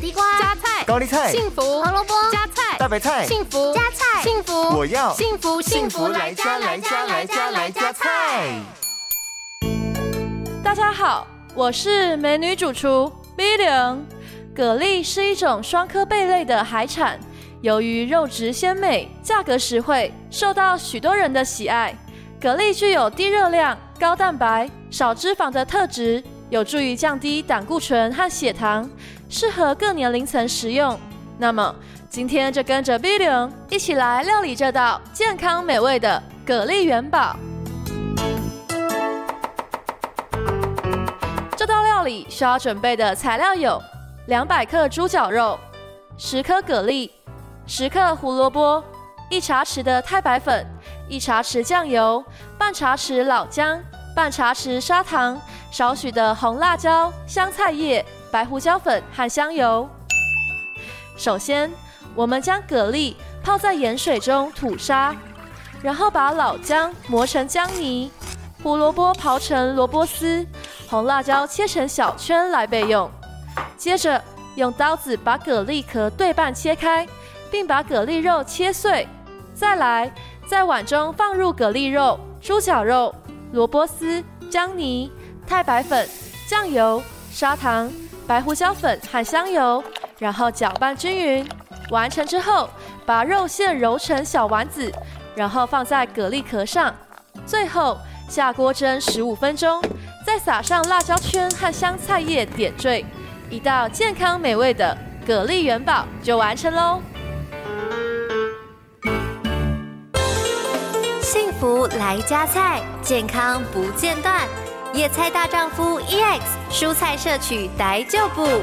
地瓜、加菜、高麗菜、幸福、紅蘿蔔、加菜、大白菜、幸福、加菜、幸福，我要幸福幸福來加來加來加來加菜。大家好，我是美女主廚 Villiam。蛤蜊是一種雙殼貝類的海產，由於肉質鮮美、價格實惠，受到許多人的喜愛。蛤蜊具有低熱量、高蛋白、少脂肪的特質。有助於降低膽固醇和血糖，適合各年齡層食用。那麼，今天就跟着 Billion 一起來料理這道健康美味的蛤蜊元寶。 這道料理需要準備的材料有：兩百克豬絞肉、十顆蛤蜊、十克胡蘿蔔、一茶匙的太白粉、一茶匙醬油、半茶匙老薑。半茶匙砂糖，少許的紅辣椒、香菜葉、白胡椒粉和香油。首先，我們將蛤蜊泡在鹽水中吐沙，然後把老薑磨成薑泥，胡蘿蔔刨成蘿蔔絲，紅辣椒切成小圈來備用。接着，用刀子把蛤蜊殼對半切開，並把蛤蜊肉切碎。再來，在碗中放入蛤蜊肉、豬絞肉。蘿蔔絲、薑泥、太白粉、醬油、砂糖、白胡椒粉和香油，然後攪拌均勻。完成之後，把肉餡揉成小丸子，然後放在蛤蜊殼上。最後下鍋蒸十五分鐘，再撒上辣椒圈和香菜葉點綴，一道健康美味的蛤蜊元寶就完成嘍。福來加菜，健康不間斷。野菜大丈夫 EX，蔬菜攝取逮就補。